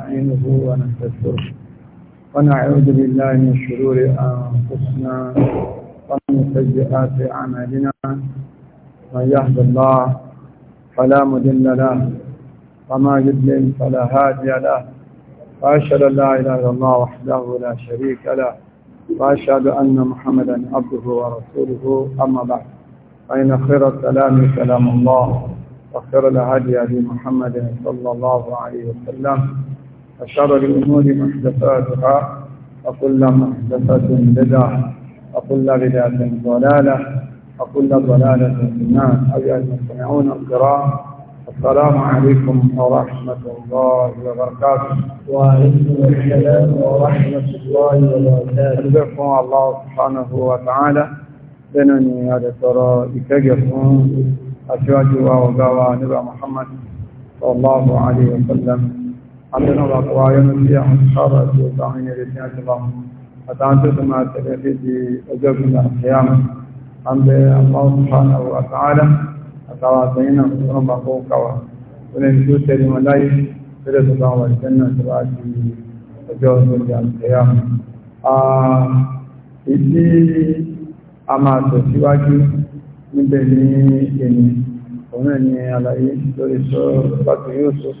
نستعينه ونستغفره ونعوذ بالله من شرور أنفسنا ومن سيئات أعمالنا من يهد الله فلا مضل له وما يضلل فلا هادي له وأشهد أن لا إله إلا الله وحده لا شريك له وأشهد أن محمدا عبده ورسوله أما بعد فإن خير الكلام كلام الله وخير الهدي هدي محمد صلى الله عليه وسلم وشر الأمور محدثاتها وكل محدثة بدعة وكل بدعة ضلالة وكل ضلالة في النار أيها المستمعون الكرام السلام عليكم ورحمة الله وبركاته وعليكم السلام ورحمة الله وبركاته أحبكم الله سبحانه وتعالى بنني هذا ترى يكجفون أشواج وأوغاوى نبى محمد صلى الله عليه وسلم عندنا وأقوالنا في أنصار وطاعين رسالة الله وتعطي ما تبعي في وجبنا القيامة عند الله سبحانه وتعالى أتعاطينا ورب أخوك وننسو سيري ملايك فلس الله والجنة تبعي وجبنا القيامة Ìdí a máa tẹ̀síwájú níbẹ̀ ní ènìyàn, òun náà ni àlàyé lórí sọ́rọ̀ bàtò yóò sọ́rọ̀.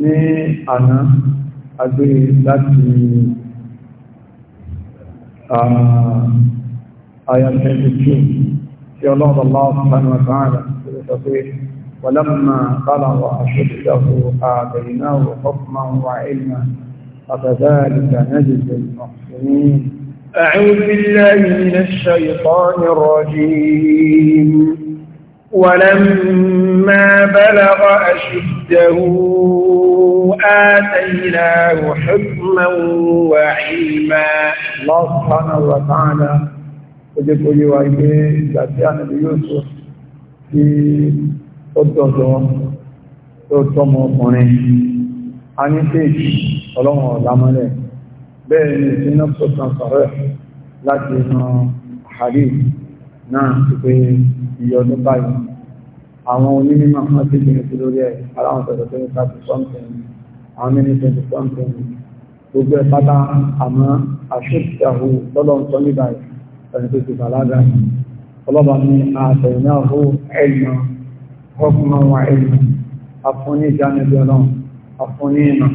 ní àná agbé láti ayatollah tí ọlọ́run lọ́wọ́ sanu àtàrà tó sọ pé ولما بلغ أشده آتيناه حكما وعلما وكذلك نجزي المحسنين أعوذ بالله من الشيطان الرجيم ولما بلغ أشده آتيناه حكما وعلما الله سبحانه وتعالى وجد أجوائه ذاتيان يوسف في قدرته تọmọ ọkùnrin a ní péjì ọlọ́run ọ̀lámọ́lẹ̀ bẹ́ẹ̀ ni ìsinmi sọ́tàn náà ti pé iye ọdún báyìí àwọn onímọ̀ wọn ti gbìyànjú sí lórí ẹ̀ aláwọn sọ̀rọ̀ tó ní thirty something àwọn ní twenty something gbogbo ẹ̀ pátá àmọ́ àṣùkìyàwó lọ́dọ̀ ń sọ nígbà yìí ẹni tó ti ni ọlọ́ba ní àtẹ̀yìnáwó ẹ̀yàn ọkùnrin wa ẹ̀yàn afúnní ìdánilẹ́lọ́n afúnní ìmọ̀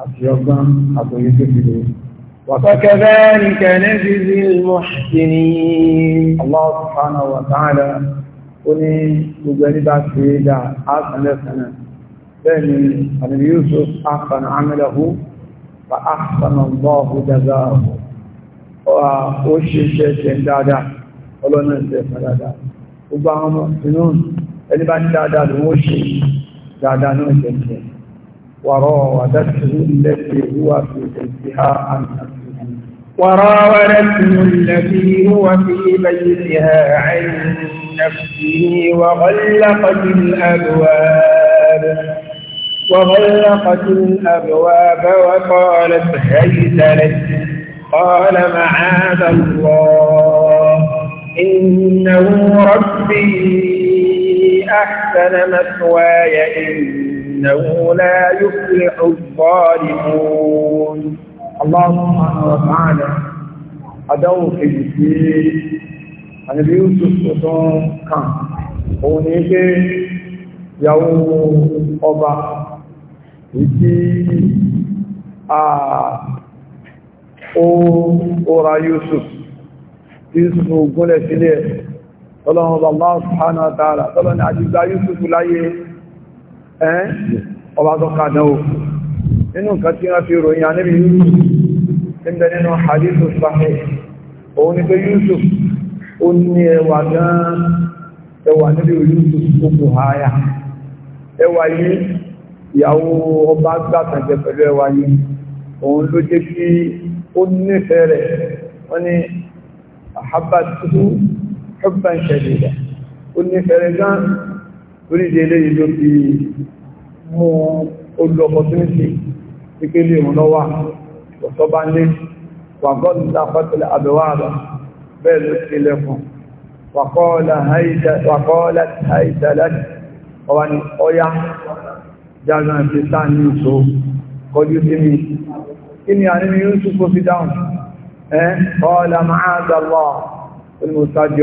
àti ọgbọ́n àtòyé tó fi lè rí. وكذلك نجزي المحسنين الله سبحانه وتعالى قني مجانبا سيدا حسن لسنا بني أن يوسف أحسن عمله فأحسن الله جزاه وأشي شيء دادا ولو نسي فلادا وبعض المؤمنون اللي بعد دادا الموشي دادا نوشي وراودته التي هو في تنسيها عن وراودته التي هو في بيتها عن نفسه وغلقت الأبواب وغلقت الأبواب وقالت هيت لك قال معاذ الله إنه ربي أحسن مثواي إنه لا يفلح الظالمون اللهم وتعالى أدعو في الدين أن يوسف وطن كان هناك يوم أبا ìdí ọ̀rà Yusuf tí Yusuf gúnlẹ̀ sílẹ̀ ọlọ́run Allah subhanahu wa ta'ala tọ́lọ́ni Yusuf láyé ẹ́ ọba tó kàdánwò nínú nǹkan tí wọ́n fi ròyìn anábì Yusuf níbẹ̀ nínú hadith sahih òun ni pé Yusuf ó ní ẹwà gan ẹwà níbi Yusuf gbogbo ààyà ẹwà yìí ìyàwó ọba gbàtàjẹ pẹ̀lú ẹwà yìí òun ló jẹ́ kí ó nífẹ̀ẹ́ rẹ̀ wọ́n ní àhábà tuntun hubban shadida ó nífẹ̀ẹ́ rẹ̀ gan oríṣi eléyìí ló fi mú un olú opportunity ìpele ìrànlọ́wà ọ̀sọ́bá ń lé wàgọ́dù tàfẹ́tẹ̀lẹ̀ àbẹ̀wà rẹ̀ bẹ́ẹ̀ ló ti lẹ́kùn wàkọ́ọ̀lá àìdàlẹ́ ọwà ní ọya jágbọ́n ti sáà ní ìṣò kọjú sí mi kí ni a ní ní yúsùfò fi dáhùn ẹ́ máa dàlọ́ olùsájì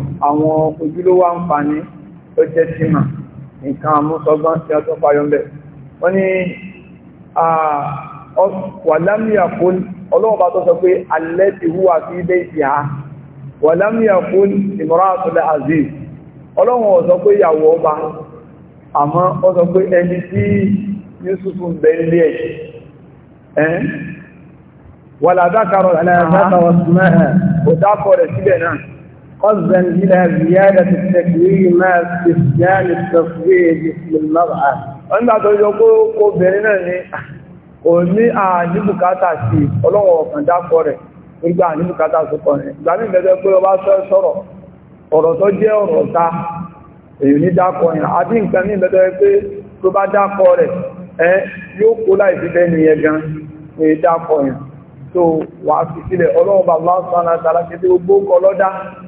àwọn ojúlówó àǹfààní tó jẹ́ símà nǹkan àmúsọgbọ́n tí a tó fayọ́ mẹ́ wọ́n ni wàlámíà fún ọlọ́ọ̀bá tó sọ pé alẹ́ ti húwà sí ilé ha wàlámíà fún ìmọ̀rá àtúlẹ̀ aziz ọlọ́wọ̀n ọ̀sọ pé ìyàwó ọba àmọ́ ó sọ pé ẹni tí Yusufu ń bẹ ilé ẹ̀ قصدا إلى زيادة التكوين مع استخدام التصوير باسم المرأة nígbà tó yọ kó obìnrin náà ni kò ní àníbùkátà sí ọlọ́wọ̀ ọ̀kan dákọ rẹ̀ nígbà àníbùkátà sọ́kọ̀ rẹ̀ ìgbà ní ìgbẹ́gbẹ́ pé ọba sọ̀rọ̀ ọ̀rọ̀ tó jẹ́ ọ̀rọ̀ ta èyí ní dákọ yẹn àbí nǹkan ní ìgbẹ́gbẹ́ pé tó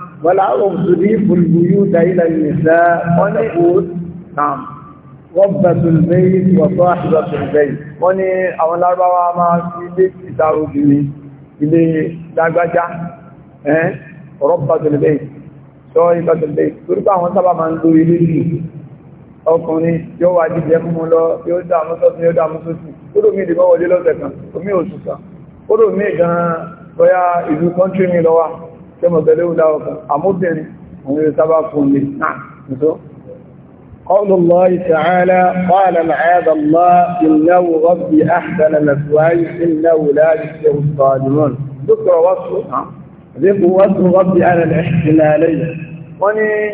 wọ́lá òfúrí bùlbùyú dáílà nìsá wọ́n ní òòtàm rọ́bàtùlbẹ́yì wọ̀tọ́ àṣìbàtùlbẹ́yì wọ́n ní àwọn lárúbáwá máa fi ilé ìta obìnrin ilé dágbájá ẹ́n rọ́bàtùlbẹ́yì sọ ìbàtùlbẹ́yì torí pé àwọn sábà máa ń lo ilé yìí ọkùnrin yóò wá jíjẹ mú lọ yóò dààmú sọ́tún yóò dààmú sọ́tún kódò mí ìdìbọn wọlé lọ́sẹ̀ kan omi òṣù kan kódò mí gan bóyá ìlú kọ́ńtírì mi lọ wà كما قالوا لاوك عمود يعني ومن يتبع نعم قول الله تعالى قال معاذ الله إنه ربي أحسن مسواي إنه لا يشتر الصالمون ذكر وصفه ذكر وصف ربي أنا الإحسن علي واني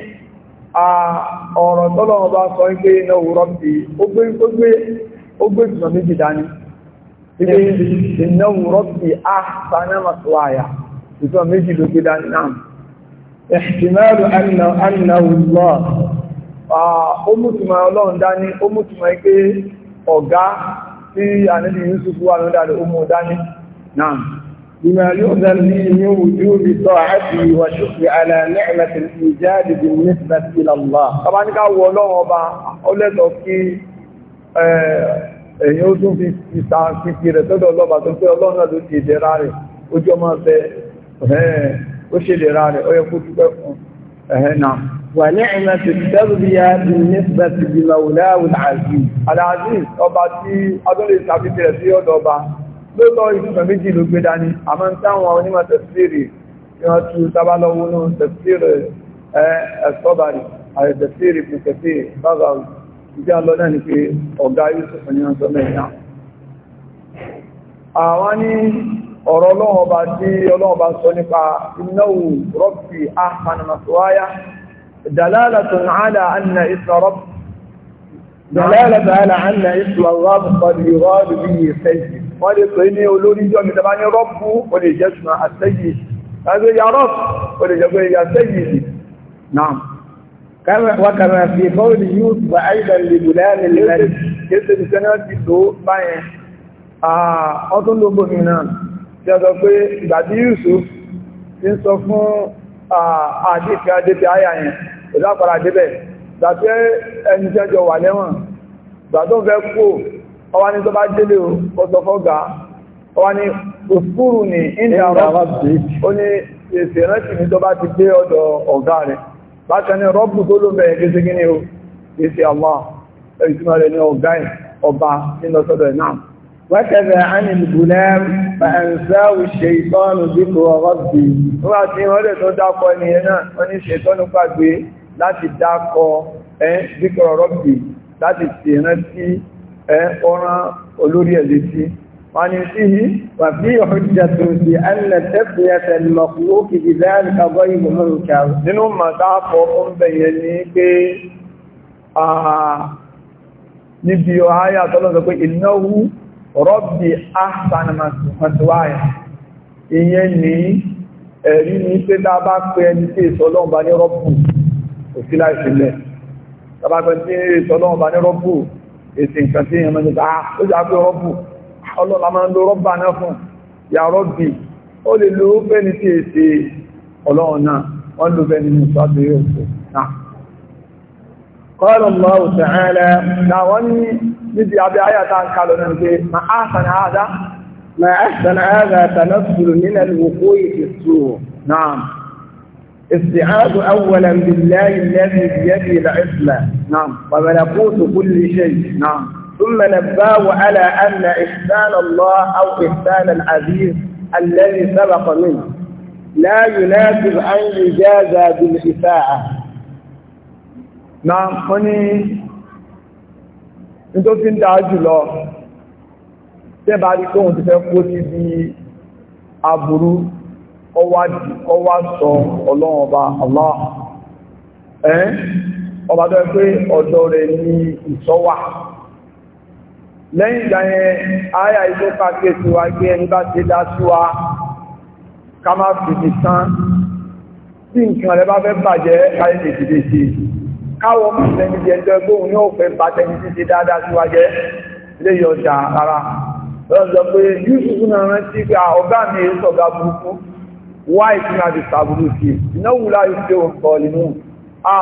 أورا صلى الله عليه وسلم إنه ربي أبي أبي أبي أبي ما إنه ربي أحسن مسواي ìtọ́ méjì ló gbé dání náà ẹ̀ṣìmáàlù annáwùlọ́ ó mútùmọ̀ ọlọ́run dání ó mútùmọ̀ pé ọ̀gá tí àníbi Yusuf wà ló dáre ó mú dání náà بما يؤذن لي من وجوب طاعته وشكر على نعمة الإيجاد بالنسبة إلى الله طبعا káwọ ọlọ́run ọba ọlẹ́tọ̀ kí èyí ó tún fi ìsàkìkì rẹ̀ tọ́dọ̀ ọlọ́ba tó pé ọlọ́run náà ló ti ìdẹ̀ra rẹ̀ ojú ọmọ ọ̀fẹ́ ó ṣe lè ra rẹ̀ ó yẹ kó dúpẹ́ fún na. wà ní ìmẹ́ ti tẹ́rùbíyà ìnífẹ́ ti di maùláwùn àzíz aláàzíz ọba tí adúlé sàbíbẹ̀rẹ̀ sí ọ̀dọ̀ ọba lóòtọ́ ìfẹ́ méjì ló gbé dání àmọ́ táwọn onímọ̀ tẹ̀síìrì tí wọ́n tú sábàlọ́wọ́ nù tẹ̀síìrì ẹ̀sọ́bàrì àti tẹ̀síìrì pùpẹ̀sì bàbá ìdí àlọ́ náà ni pé ọ̀gá Yusuf ní wọ́n sọ mẹ́ta àwọn ní ọ̀rọ̀ ọlọ́run ọba tí ọlọ́run ọba sọ nípa innahu rabbi ahsana maswaya dalalatun ala anna isra rabb dalalatun ala anna isra rabb qad yuradu bihi sayyi wọ́n lè pè ní olórí ìjọ mi tàbá ní rọ́bù ó lè jẹ́ sùn àṣẹ́yì ẹgbẹ́ ya rọ́bù ó lè jẹ́ pé ya fi bọ́ọ̀lù yóò bá àìdàn lè bù láàrin ìṣẹ́ náà ti tó báyẹn ọdún lógbòmìnà tí a sọ pé ìgbàdí Yusuf ti ń sọ fún àdífẹ́ adébí àyà yẹn ìlápàá adébẹ̀ gbàtẹ́ ẹni jẹ́jọ wà lẹ́wọ̀n fẹ́ ọwá ní tó bá délé ọwá ní ní india ní rọ́bù tó ló bẹ̀rẹ̀ gẹ́gẹ́ o èsì àmà ẹ̀sìn rẹ̀ ní وكذا عن الغلام فأنساه الشيطان ذكر ربي wọ́n ti wọ́n lè tó dákọ́ ẹni ẹ̀ náà wọ́n ní ṣètọ́nù pàgbé láti dákọ́ ẹ́ ذكر ربي láti ṣèrántí ẹ́ ọ̀ràn olórí ẹ̀ létí wọ́n ni sí i wà fí حجة في أن تسمية المخلوق بذلك غير منكر nínú màtáfọ́ ń bẹ̀yẹ ní pé níbi ọ̀háyà tọ́lọ́sọ pé ìnáwó rọ́bì ahsanamasuwaya ìyẹn ní ẹ̀rí ní pé dábá pé ẹni tí ìsọlọ́ọ̀bá ní rọ́bù òsílá ìfilẹ̀ dábá pé tí ìsọlọ́ọ̀bá ní rọ́bù èsì nǹkan tí ìyẹn mẹ́jọ ah ó jà pé rọ́bù ọlọ́la máa ń lo rọ́bà náà fún ya rọ́bì ó lè lo bẹ́ni tí èsì ọlọ́ọ̀nà wọ́n lo bẹ́ni ní ìsọ́ قال الله تعالى ناوني نبي أبي آيات قالوا نبي ما أحسن هذا ما أحسن هذا تنزل من الوقوع في السوء نعم استعاذ أولا بالله الذي بيده العصمة نعم وملكوت كل شيء نعم ثم نباه على أن إحسان الله أو إحسان العزيز الذي سبق منه لا يناسب أن يجازى بالإساءة na wọ́n ní tó fi ń dá jùlọ tẹ́bà rí kóhun ti fẹ́ kó sí bí aburú ọwá sọ ọlọ́run ọba Allah ẹ́ ọba tó pé ọ̀dọ̀ rẹ̀ ní ìṣọ́wà lẹ́yìn ìgbà yẹn ayà ìjọ pàkẹ́ wa gbé ẹni bá ti dá sí káwọ́ mọ̀ lẹ́ni jẹ́ ẹjọ́ ẹgbẹ́ òun yóò fẹ́ bá tẹni títí dáadáa sí wájẹ́ lè yọ ọjà rárá lọ́sọ̀ pé yusuf náà rántí pé ọ̀gá mi èyí sọ̀gá burúkú wá ìpínlẹ̀ àti sàbúrú sí ìnáwó láyé tí ó ń kọ́ nínú à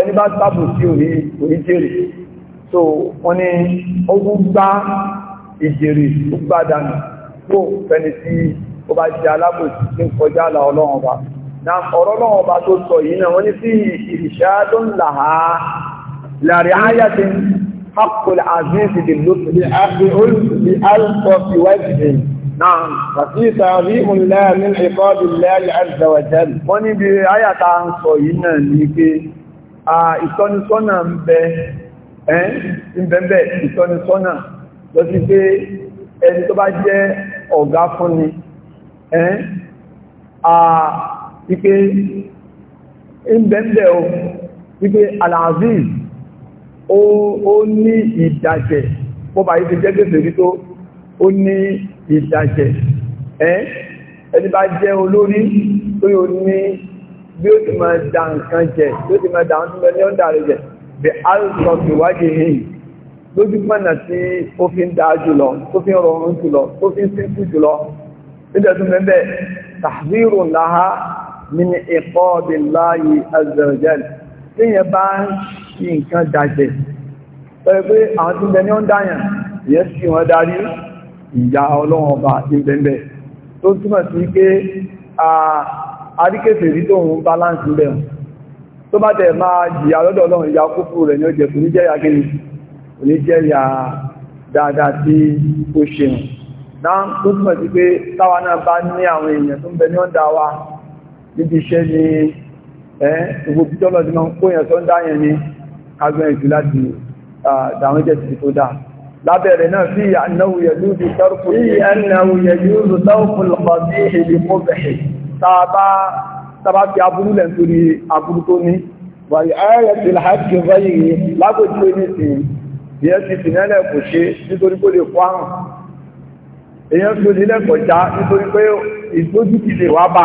ẹni bá sàbúrú sí òní òní jèrè so wọ́n ní ogun gbá ìjèrè ó gbá dànù kó fẹni tí ó bá jẹ alábòsí tí ń kọjá àlà ọlọ́run wa na ọ̀rọ̀ náà ọba tó sọ yìí náà wọ́n ní sí ìṣà tó ń là á láàrin ayá ti hakul aziz bin lutfi bi al bi al fi wajhi نعم وفي تعظيم الله من عقاب الله عز وجل wọ́n ní bí ayá ta ń sọ yìí náà ní pé ìtọ́nisọ́nà ń bẹ ẹ́ ìbẹ̀bẹ̀ ìtọ́nisọ́nà lọ sí pé ẹni tó bá jẹ́ ọ̀gá fún ni wípé ìbẹ̀m̀bẹ̀ o wípé Al-Aziz ó ní ìdàjẹ̀ bọ́bá yìí ti jẹ́ gbèsè rí tó ó ní ìdàjẹ̀ ẹ́ ẹni bá jẹ́ olórí tó yóò ní bí ó ti ma dà nǹkan jẹ bí ó ti ma dà nǹkan ní ọ́ndà rẹ̀ jẹ bí alùsọ̀ ìwádìí hìn lójú pọ̀nà tí ó fi ń dá jùlọ tó fi ń rọrùn jùlọ tó fi ń sínkú jùlọ nígbà tó mẹ́bẹ̀ tàbí ìrùn láhá min iqabillahi azza wa jal tí yẹn bá ń fi nǹkan dàjẹ̀ pẹ̀lú pé àwọn tí ń bẹ ní ọ́ndáyàn yẹn sì wọ́n darí ìyá ọlọ́run ọba ìbẹ̀m̀bẹ̀ tó túmọ̀ sí pé àríkèsè rí tóun balance ń bẹ̀ tó bá tẹ̀ máa jìyà lọ́dọ̀ níbi iṣẹ́ ni ẹ́ gbogbo tọ́lọ̀ tí wọ́n kó yẹn tó ń dáyẹn ni agbẹ́ ìjú láti dáwọn jẹ́ ti tó dáa lábẹ̀rẹ̀ náà sí ànáwò yẹ̀lú ti tọ́rọ̀kù ìyẹ̀náwò yẹ̀lú tọ́rọ̀kù èyàn tó nílẹ̀ kọjá nítorí pé ìgbójú ti lè wá bá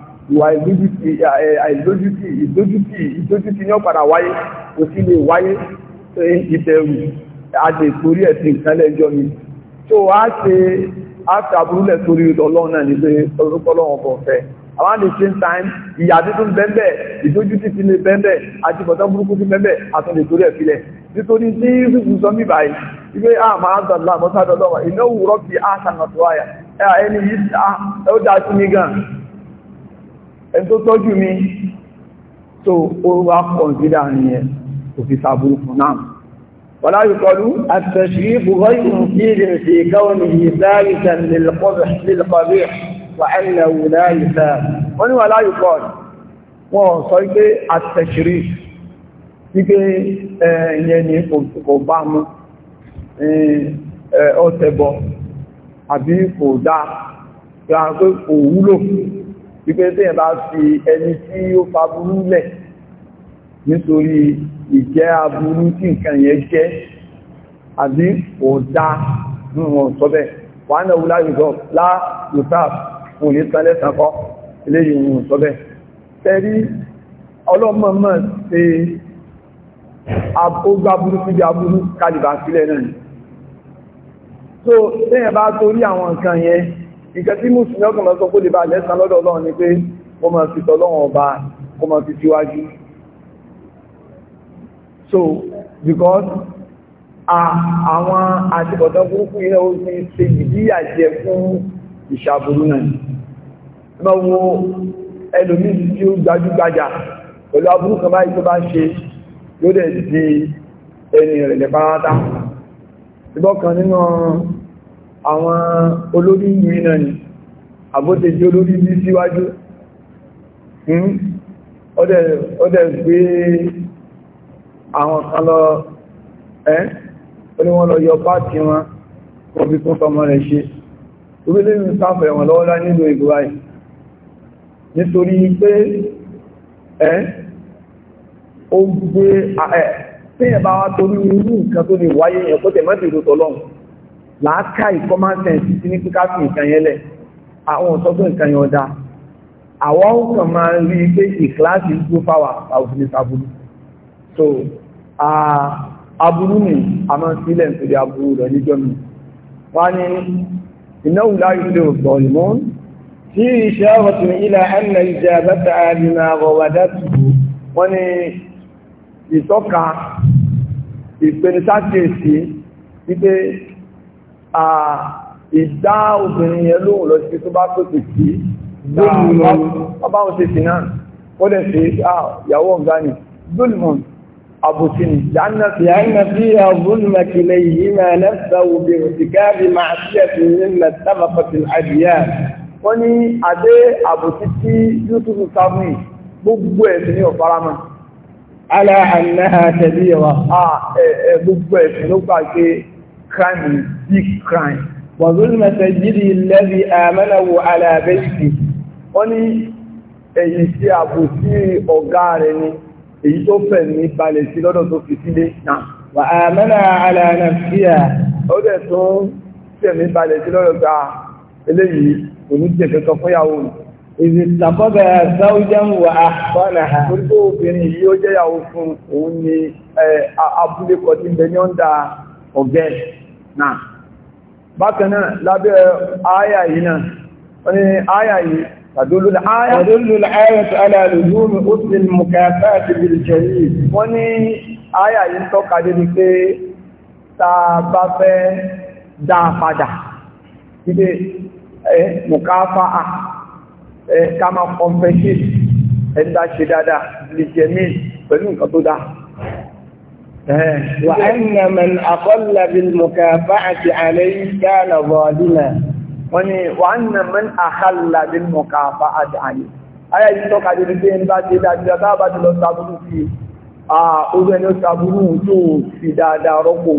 ìwà ìlójútì àìlójútì ìdójútì ìdójútì ní ọ̀padà wáyé kò sí lè wáyé ìbẹ̀rù àti ìtorí ẹ̀sìn ìkẹ́lẹ́jọ́ ni tó a ṣe after aburulẹ̀ torí ọlọ́run náà ní pé ọlọ́run ọkọ̀ fẹ́ around the same time ìyà títún bẹ́ẹ̀bẹ̀ ìdójútì ti lè bẹ́ẹ̀bẹ̀ àti bọ̀tán burúkú ti bẹ́ẹ̀bẹ̀ àtúndì torí ẹ̀filẹ̀ nítorí tí yíṣù sọ mí báyìí wípé a máa ń dọ̀lá mọ́sádọ́lọ́wà ìnáwó rọ́bì àṣà nàtọ́wáyà ẹni yìí ó dá sí mi gan ẹni tó tọ́jú mi tó ó wá kọ̀nsídà nìyẹn kò fi sàbúrú fún náà wọ́n láyé kọlu àtẹ̀ṣìí bùhọ́ ìrùn kí lè fi gáwọn ìyí sáré tẹ̀lé lẹ́lẹ́kọ̀ọ́bẹ̀ wà ẹ̀lẹ́ wù láyé sáré ni kò bá mú ọ̀tẹ̀bọ̀ àbí kò dáa pé kò wúlò wípé tí ẹ̀ bá fi ẹni tí ó fa burú lẹ̀ nítorí ìjẹ́ aburú tí nǹkan yẹn jẹ́ àbí ọ̀dá nínú wọn sọ́bẹ̀ wọ́n náà wúlá yìí lá yòtáàf òun ní sálẹ̀ sàkọ́ eléyìí wọn sọ́bẹ̀ tẹ́rí ọlọ́mọ̀mọ̀ ṣe àbógbá burú síbi aburú kálìbà sílẹ̀ náà so tí ẹ̀ bá torí àwọn nǹkan yẹn nǹkan tí mùsùlùmí ọkàn máa sọ kó lè bá lẹ́sàn lọ́dọ̀ ọlọ́run ni pé kó máa fi tọ́lọ́run ọba kó máa fi síwájú so because àwọn àtìkọ̀tọ́ burúkú iná ó fi ṣe ìdíyà jẹ fún ìṣàbùrú náà ma wo ẹlòmíì tí ó gbajúgbajà pẹ̀lú aburú kan báyìí tó bá ṣe yóò dẹ̀ di ẹni rẹ̀ lẹ́pàá àwọn olórí ìlú iná ni àbótejì olórí ní síwájú ọdẹ̀ hmm? gbé àwọn kan lọ ẹ́ orí wọn lọ yọ pàtí wọn wọ́n bí kún fọmọ rẹ̀ ṣe orílẹ̀ ìlú sáfẹ̀ wọn lọ́wọ́lá nílò ìgbòrá ì nítorí pé ẹ́ ó gbé ẹ̀ tí ẹ̀bá wá torí irú nǹkan tó lè wáyé ẹ̀kọ́tẹ̀ mẹ́tìrò tọ́lọ́run láàká common sense sí ní píká fún nǹkan yẹn lẹ̀ àwọn ọ̀sọ́gbọ́n nǹkan yẹn ọ̀dá àwọn nǹkan máa ń rí pé ìkíláàsì ń gbófà wà àwòfin ìsàbùrù so aburú ni a máa sílẹ̀ nítorí aburú rẹ̀ níjọ́ mi wá ní ìnáwó láyé lè rọ̀ ìmọ̀ tí iṣẹ́ ọ̀tún ilẹ̀ ẹ̀nà ìjẹ́ àbẹ́ta àrìnà àwọ̀wàdá tùbù wọ́n ní ìtọ́ka ìpenisákèsí wípé ìdá obìnrin yẹn lóhùn lọ sí tó bá pèpè sí ọbáwọn ṣe sínà ó dẹ̀ sí ìyàwó ọ̀gá ni zulmon àbòsí ni lánà fi àìmà fi àbúnmà kìlẹ̀ yìí máa gbogbo ẹ̀sìn ní ọ̀faramọ́ alá náà tẹ̀lé wa gbogbo ẹ̀sìn ló gbà pé crime is big crime. wàzúlùmọ̀ sẹ́yìdì lẹ́bi àmẹ́nàwò alábẹ́sì wọ́n ní èyí sí àbòsí ọ̀gá rẹ̀ ni èyí tó fẹ̀ ní balẹ̀ sí lọ́dọ̀ tó fi sílé náà wà àmẹ́nà alànàfíà ó dẹ̀ tó fẹ̀ ní balẹ̀ sí lọ́dọ̀ tó eléyìí kò ní jẹ́ kẹ́kọ́ fúnyàwó ìdí tàbọ́bẹ̀ sáújẹ́m wà àpọ́nà orí tó obìnrin yìí ó jẹ́yàwó fún òun ni abúlé kọ́ ọ̀gẹ́ náà bákanáà lábẹ́ àyà yìí náà wọ́n ni àyà yìí tàdólú àyà tàdólú àyà tó alàlùjú mi ó ti mú kẹfẹ́ àti bìrìjẹ̀ yìí wọ́n ni àyà yìí tọ́ka débi pé ta bá fẹ́ dá padà síbi ẹ mùkáfà à ẹ ká máa kọ́mpẹ́ṣì ẹ̀ ń dá ṣe dáadáa bìrìjẹ̀ mi pẹ̀lú nǹkan tó dáa وأن من أقل بالمكافأة عليه كان ظالما وأن من أخل بالمكافأة عليه ayé yìí tọ́ka dédé pé ń bá dé dáadáa tá a bá ti lọ sábúrú sí ojú ẹni ó sábúrú tó fi dáadáa rọ́pò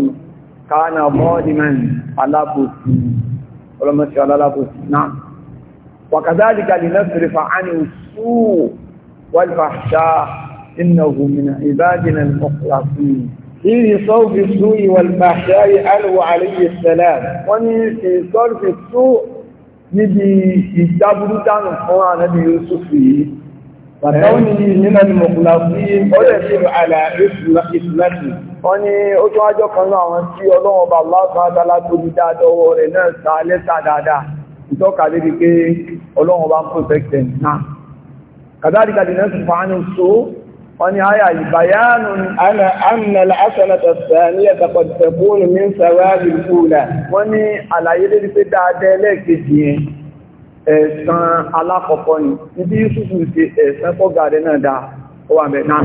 káàna bọ́ọ̀dìmẹ́n alábòsí ọlọ́mọsí alábòsí náà wàkàzáàdì kalì lẹ́fẹ̀rẹ̀ fa'ánì sùúrù wal fahsha innahu min ibadina al-mukhlasin إذ صوف السوء والفحشاء ألو عليه السلام ومن صرف السوء نبي يتابر دان القرآن نبي يوسف وكونه من المخلصين ويسير على إثمته wọ́ni ó tún ájọ́ kan náà àwọn tí ọlọ́wọ́ bá lásán àtàlá tó bí dáadọ́wọ́ rẹ̀ náà sá lẹ́sà dáadáa ìtọ́ka lè rí pé ọlọ́wọ́ wọ́n ní àyà ìbáyánu ni. ana anala asanata sani ẹ̀kọ́ tẹ̀kúnù mi ń sara ìfúnra. wọ́n ní àlàyé lórí pé dáadáa ẹlẹ́ẹ̀kejì yẹn ẹ̀sán alákọ̀ọ́kọ́ ni ibi yusufu ṣe ẹ̀sán fọ́gàdé náà dáa ó wà bẹ̀ náà.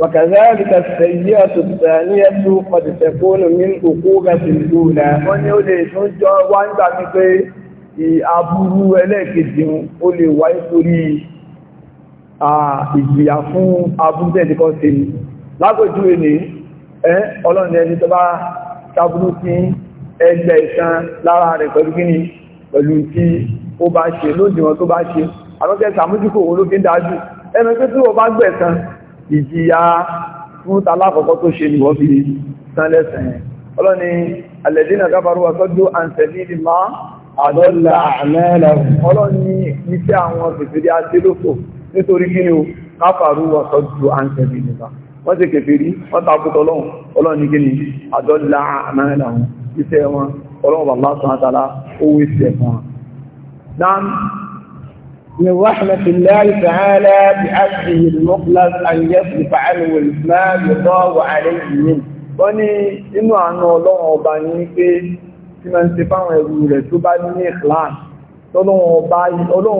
وكذلك السيئة الثانية قد تكون من عقوبة الأولى. wọ́n ní ó lè tún jọ wá ń gbà pé aburú ẹlẹ́ẹ̀kejì ó lè wáyé torí ìjìyà fún abúrúdẹ́ ìdíkọ́ sí ni lágbòjú ẹni ẹ́ ọlọ́rin ẹni tó bá sábúrú sí ẹgbẹ́ ìsan lára rẹ̀ pẹ̀lú gíní pẹ̀lú tí ó bá ṣe lóòdìwọ̀n tó bá ṣe alọ́jẹ́ sàmójúkò olófin dájú ẹnu pé tí ó bá gbẹ̀san ìjìyà fún talákọ̀ọ́kọ́ tó ṣe ni wọ́n fi san lẹ́sàn ọlọ́ni alẹ́dínà gábarú ọ̀tọ́jú àǹsẹ̀lì máa àdọ́là àmẹ́lẹ̀ ọlọ́ni iṣẹ́ àwọn òṣèṣẹ́lẹ́ nítorí kí ni o káfàrú wọ́sọ̀ ju àǹtẹ̀bì nìta wọ́n ti kẹfẹ́ rí wọ́n takùtọ̀ ọlọ́run ọlọ́run ní gíní àjọ́lá àmàrìnà wọn iṣẹ́ wọn ọlọ́run bàbá sọ́nàtàlá owó iṣẹ́ fún wọn. dan ni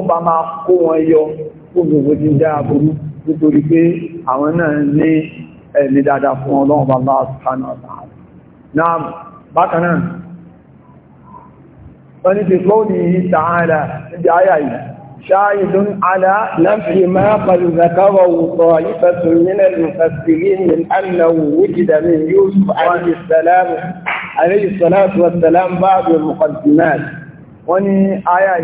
bá máa kó wọn yọ gbogbo ti dá aburú nítorí pé àwọn náà ní ẹ̀mí dáadáa fún ọlọ́run bàbá sùpánà ọ̀tàrà náà bákan náà wọ́n ni ti kọ́ ní ìtàhálà níbi ayà yìí شاهد على نفي ما قد ذكره طائفة من المفسرين من عليه السلام والسلام بعض المقدمات وني آية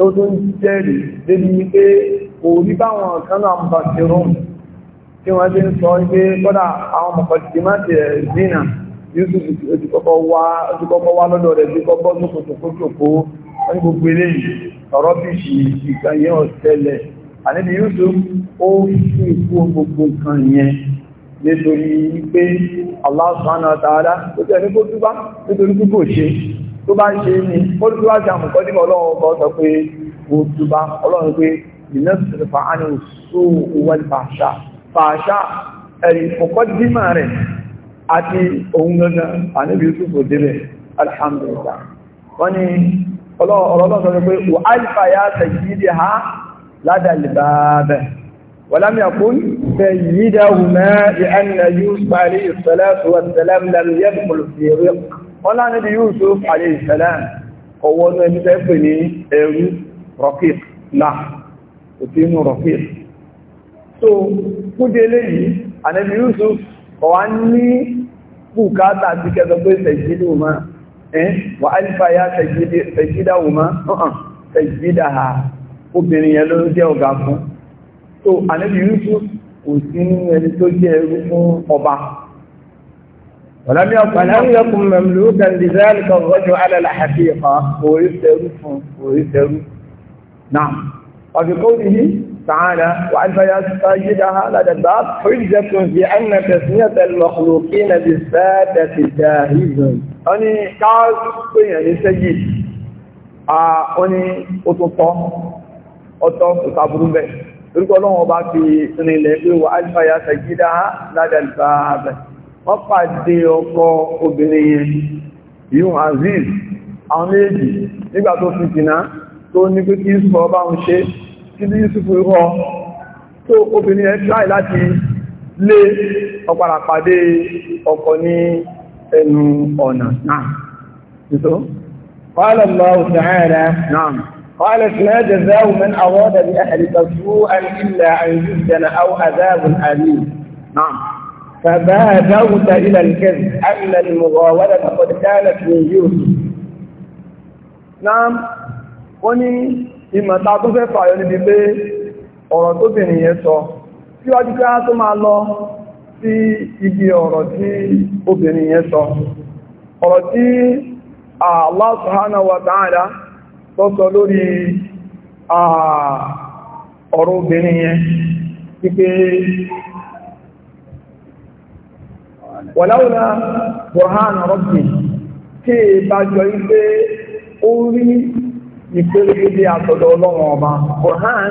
ó tó ń jẹ́rì débi wípé kò rí báwọn kan náà mọ̀ sí rún tí wọ́n ti ń sọ wípé kọ́dà àwọn mọ̀kọ̀ ti má ti ẹ̀ zina Yusuf ti kọ́kọ́ wá lọ́dọ̀ rẹ̀ ti kọ́kọ́ tó kòtò kó tòkó wọ́n ní gbogbo eléyìí ọ̀rọ̀ bíṣì ìkan yẹn ọ̀tẹ́lẹ̀ àníbi Yusuf ó fi ikú gbogbo nǹkan yẹn nítorí pé Allah subhanahu wa ta'ala ó tẹ̀lé kó túbá nítorí pé kò ṣe tó bá ń ṣe ní olùdíwájú àmùkọ́ nínú ọlọ́run ọba sọ pé oṣù bá ọlọ́run pé ìlẹ́sìn fa á ní oṣù owó fàṣà fàṣà ẹ̀rì ọkọ̀ dímà rẹ̀ àti ohun gangan àníbi yusuf òdébẹ̀ alhamdulillah wọ́n ní ọlọ́run sọ pé wò alfa ya tẹ̀yídì ha ládàlìbàbẹ̀ ولم يكن سيدهما لأن يوسف عليه الصلاة والسلام لم يدخل في رق ọlá níbi Yusuf alayhi salam ọwọ́ ní ẹni tẹ́ pè ní ẹrú rọ́kìt náà kò tí inú rọ́kìt so kúdélé yìí ànẹ́bí Yusuf ọwá ní bùkátà ti kẹsọ pé tẹ̀jídì wùmá wà alifa ya tẹ̀jídà wùmá tẹ̀jídà ha obìnrin yẹn ló jẹ́ ọ̀gá fún so ànẹ́bí Yusuf kò sí nínú ẹni tó jẹ́ ẹrú fún ọba ولم يكن مملوكا لذلك الرجل على الحقيقة ويسرف ويسرف نعم وفي قوله تعالى وأن يستجدها لدى الباب حجة في أن تسمية المخلوقين بالسادة جاهز أني كاز يعني سيد أني أتطى أتطى أتابرون به تلك الله أبا في وعن وأن يستجدها هذا الباب wọ́n pàdé ọkọ obìnrin yẹn yíò aziz àwọn méjì nígbà tó fi jìnà tó ní pé kí yíṣùfù ọba ń ṣe kí ní yíṣùfù rọ tó obìnrin yẹn tráì láti lé ọpàdà pàdé ọkọ ní ẹnu ọ̀nà náà قال لا جزاء من أراد بأهلك سوءا إلا أن يسجن أو عذاب أليم نعم فبادرت إلى الكذب أن المغاولة قد كانت من يوسف نعم wọ́n ní ìmọ̀ta tó fẹ́ ọ̀rọ̀ tó bìnrin na sọ tí tó máa lọ sí ibi ọ̀rọ̀ tí obìnrin yẹn sọ ọ̀rọ̀ tí Allah subhanahu wa lórí ọ̀rọ̀ obìnrin yẹn wọ̀láwùlá burhan rọ́bì tí bá jọ ike oriri rí ìpérégbé àtọ̀dọ̀ ọba burhan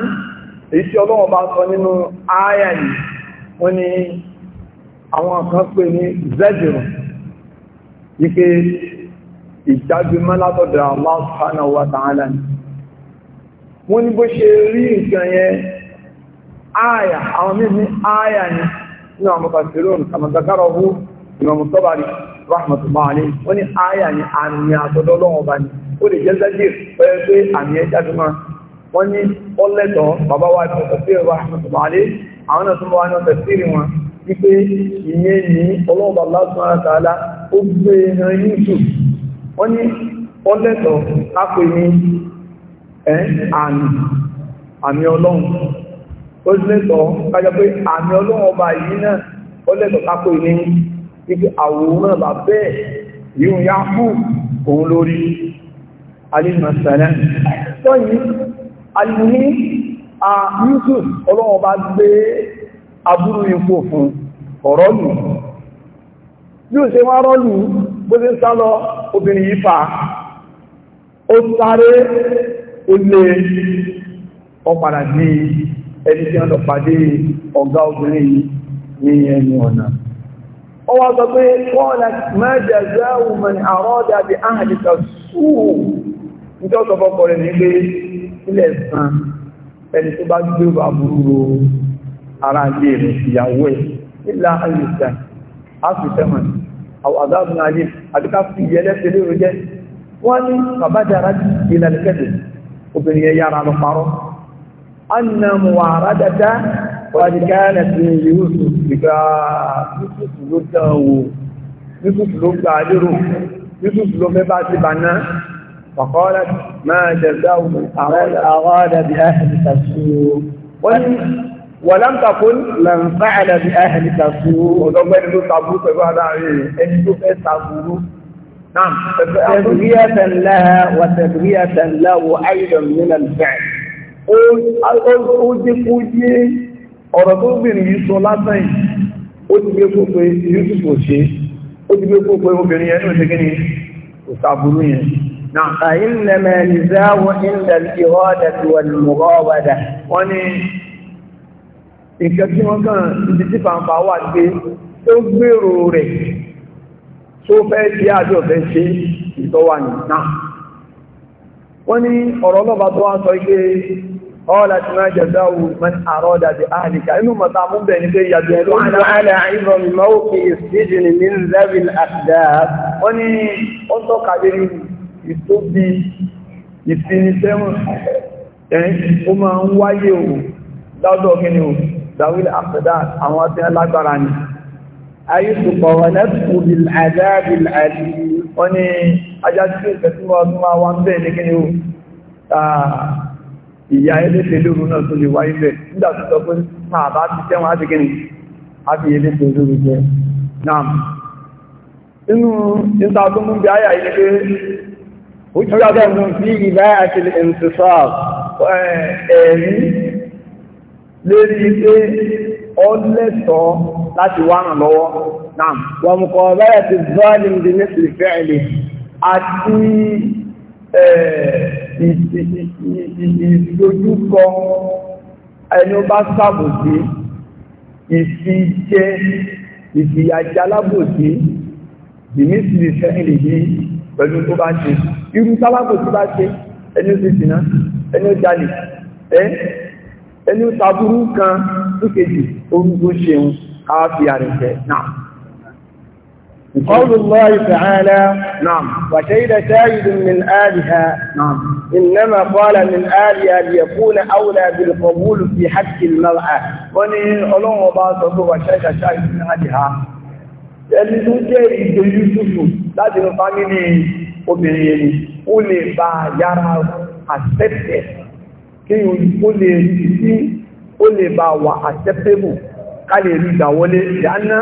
èyí tí ọlọ́run ọba sọ nínú kan pè ní zẹ́jìrùn ipé Allah subhanahu wa ta'ala ni ìmọ̀mù tọ́bàrí rahmatullahi alayhi wọ́n ní àyà ni àmì àtọ́dọ́ lọ́wọ́ bá ní ó lè jẹ́ sẹ́jì pẹ́ẹ́ pé àmì ẹja tó máa wọ́n ọlẹtọ bàbá wa ní ọ̀sẹ̀ rahmatullahi alayhi àwọn náà tó wá ní ọ̀sẹ̀ sí wọn wípé ìyẹn ní ọlọ́ọ̀bà lásán ó gbé yíṣù ọba ibi àwòrán bàbẹ́ yíò yá fún òun lórí alìmọ̀sẹ̀lẹ̀ tọ́yí alìmí a Yusuf ọlọ́wọ́ bá gbé abúrú ipò fún ọ̀rọ̀lù yóò ṣe wá rọ́lù bó ṣe ń sá lọ obìnrin yìí fa ó sáré ó ọpàdà sí ẹni tí wọ́n lọ pàdé ọ̀gá obìnrin ní ẹnu ọ̀nà ó wá sọ pé kọ́ọ̀lá máa jàzá òmìn àrọ́dà bí áhàdìkà súù níjọ́ sọ fọ́kọ̀ rẹ̀ nígbé ilẹ̀ sàn ẹni tó bá gbé bá burúrú ara ilé rẹ̀ ìyàwó ẹ̀ nílá àyíká áfìsẹ́mọ̀n àwọ̀dáàbùn alif àdúkà fi ìyẹlẹ́fẹ́ lérò jẹ́ wọ́n ní bàbájára ìlànìkẹ́dẹ̀ obìnrin yára lọ parọ́ annamuwaradata قد ما جزاء من أراد بأهل تسوء ولم تكن لن فعل بأهل تسوء ودوما نعم تدوية لها وتدوية له أيضا من الفعل قول قول قول قول ọ̀rọ̀ tó gbìnrin yìí sọ lásán yìí ó ti gbé kó pé Yusuf ò ṣe ó ti gbé kó pé obìnrin yẹn náà ṣe kí ni kò sàbúrú yẹn. فإنما النزاع عند الإرادة والمراودة wọ́n ní nǹkan tí wọ́n kàn ibi tí fàǹfà wà pé ó gbèrò rẹ̀ tó fẹ́ ṣe àjọ fẹ́ ṣe ìtọ́wà nìyàn. wọ́n ní ọ̀rọ̀ ọlọ́ba tó wá sọ قالت ما جزاء من أراد بأهلك إنه مطعم بين ذي يدل على عظم موقع السجن من ذوي الأحداث وني أنت قادر يستبدي ìfinisẹ́wọ̀n ẹ̀yìn ó máa ń wáyé o lọ́dọ̀ kí ni o dáwílì àfẹ́dá àwọn tí lágbára ni ayúsùpọ̀ wọn lẹ́pù bìláàdáàbì àti wọ́n ni ajá tí ó tẹ́sí wọ́n tún máa wọ́n bẹ́ẹ̀ ní kí ni o ìyá eléṣe lóru náà tó lè wáyé bẹ̀ nígbà tó sọ pé máa bá ti tẹ́wọ̀n á ti gẹ́ni á fi eléṣe lóru jẹ́ náà inú níta tó mú bí ayà yìí pé ó jẹ́ ọjọ́ ọdún sí ìlà àti ìǹtìfà ẹ̀rí lórí pé ọ lẹ́tọ̀ọ́ láti wá ràn lọ́wọ́ náà ìdojúkọ ẹni ó bá ṣàbòsí ìfijẹ́ ìfìyàjá lábòsí dìmísìlì fẹ́ẹ̀lì yìí pẹ̀lú tó bá ṣe irú sábàbòsí bá ṣe ẹni ó sì sìná ẹni ó jalè ẹni ó taburú kan lókèjì orúkọ ṣeun káwàá fi náà قول الله تعالى نعم وشهد شاهد من آلها نعم إنما قال من آلها ليكون أولى بالقبول في حق المرأة وني الله وبعض وشهد شاهد من آلها ẹni tó jẹ́ ìdè yusufu láti ní fámílì obìnrin yẹni ó lè bá yára accepted kí ó lè rí sí ó lè bá wà acceptable ká lè rí ìgbàwọlé ìdáná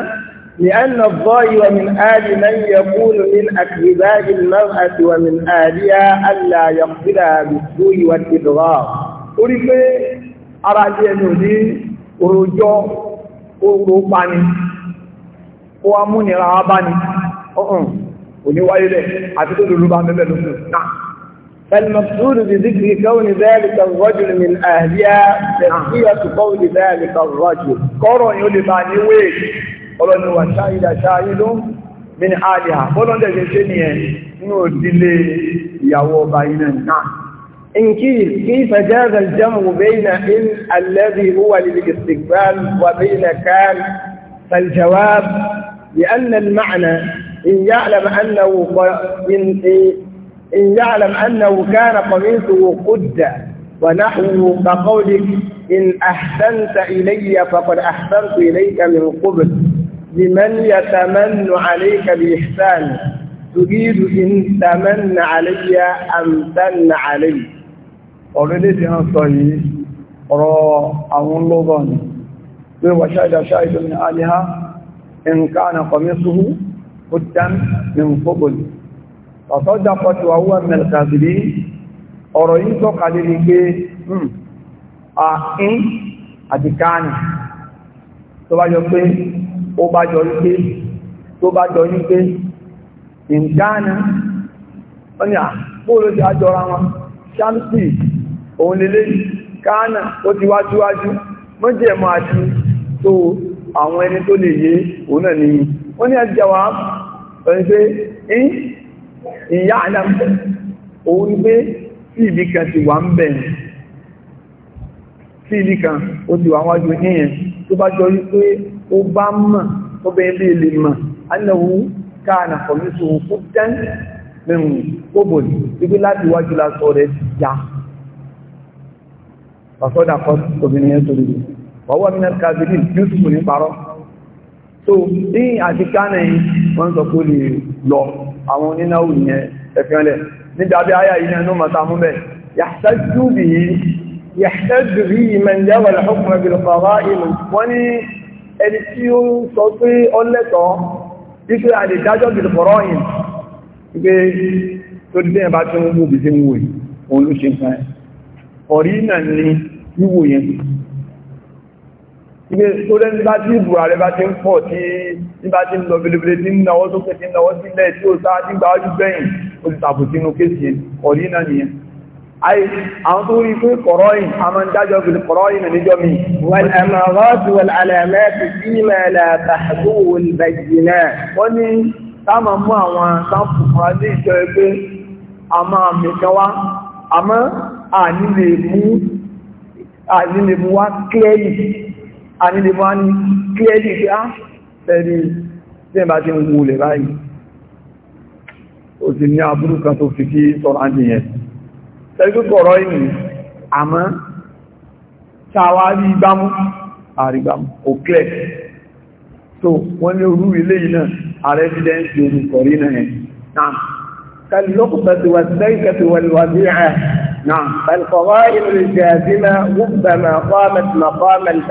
لأن الضاي ومن آل من يقول من أكذباء المرأة ومن آلها ألا يقبلها بالسوء والإضرار orí pé ara ilé ẹni ò ní orojọ́ أه. pani ó wá múnira wá bá ní ọ̀hún فالمقصود بذكر كون ذلك الرجل من أهلها تسمية قول ذلك الرجل kọ́rọ̀ yóò lè bá ọlọ́ni wà ṣáyídà ṣáyí ló mini àdìhà bọ́lọ́dẹ̀ ṣe ṣe nìyẹn nínú òdílé ìyàwó ọba iná náà إن كيف كيف جاز الجمع بين إن الذي هو للاستقبال وبين كان فالجواب لأن المعنى إن يعلم أنه إن, إن يعلم أنه كان قميصه قد ونحوه كقولك إن أحسنت إلي فقد أحسنت إليك من قبل لمن يتمن عليك بإحسان تريد إن تمن علي أم تن علي ọ̀rẹ́lẹ́ ti hàn sọ yìí ọ̀rọ̀ àwọn lọ́gọ́ ni pé wà ṣáìdà ṣáìdà ní àníhá in ká na kọmísùhù kúttán ní fóbòlì ọ̀sọ́jà pọ̀tù àwọ́ mẹ́lẹ̀kàzìrí ọ̀rọ̀ yìí tọ́ka lérí pé ààín hmm, àti káàní tó bá jọ pé ó bá jọ wípé tó bá jọ wípé ìǹkáàna ó ní àpòrò ti àjọra wọn ṣámsì òun lélẹ́ káàna ó ti wá síwájú mọ́jẹ̀mọ́ àti tó àwọn ẹni tó lè yé òun náà nìyí ó ní ẹjẹ̀wà ẹni pé ìyá àdámẹ́ òun pé tí ìbí kan ti wà ń bẹ̀rẹ̀ tí ìbí kan ó ti wà wájú níyẹn tó bá jọ wípé ó bá mọ̀ ó bẹ́ẹ̀ bí ilé mọ̀ anáwó káàna fọ̀mísù kó dán mẹ́rin gbogbo ibi láti wájú lásọ rẹ̀ yá pàṣọ́dà kọ́ obìnrin yẹn torí wọ́n wọ́n mìíràn kàbílì yusuf ní parọ́ so ní àti káàna yìí wọ́n sọ pé lè lọ àwọn onínáwó yẹn ẹ̀fẹ́lẹ̀ ẹni tí ó sọ pé ọlẹ́tọ̀ wípé a lè dájọ́ bìrì fọ́rọ́ yìí wípé tó dídé ẹ̀bá tí wọ́n gbòbí sí wòye òun ló ṣe nǹkan ọ̀rí náà ni wíwò yẹn wípé tó rẹ́ nígbà tí ìbùrà rẹ̀ bá ti ń pọ̀ tí nígbà tí ń lọ belebele tí ń náwó sókè tí ń náwó sílẹ̀ tí ó sáà tí gbà ọdún gbẹ̀yìn ó ti tàbùtínú kéèsì ọ̀rí náà nìyẹn Ayé àwọn tó rí pé kọ̀rọ̀yìn, a máa ń dájọ́ bí kọ̀rọ̀yìn nà níjọ́ mi. Wọ́n àmàrọ́dù wọ́n àlẹ́mẹ́ ti sí mẹ́lẹ̀ tàbí olùbẹ̀jìnà. Wọ́n ní táàmà mú àwọn sáfù fún adé ìjọ ẹgbẹ́ àmà àmì kan wá. Àmọ́ àní lè mú wá kílẹ̀lì. Àní lè mú wá ní kílẹ̀lì pé á fẹ́rí tí ìbá ti ń wulẹ̀ báyìí. Ó ti ní àbúrú kan tó fi kí sọ́rọ̀ tẹ́gbẹ́ kọ̀rọ̀ ìní àmọ́ tàwà rí igbámú àrígbámú òkèlẹ̀ tó wọ́n ní orú ilé iná ààrẹ fídẹ́ǹsì orúkọ̀rí náà كاللقطة والسيكة والوديعة نعم فالقضاء الجازمة ربما قامت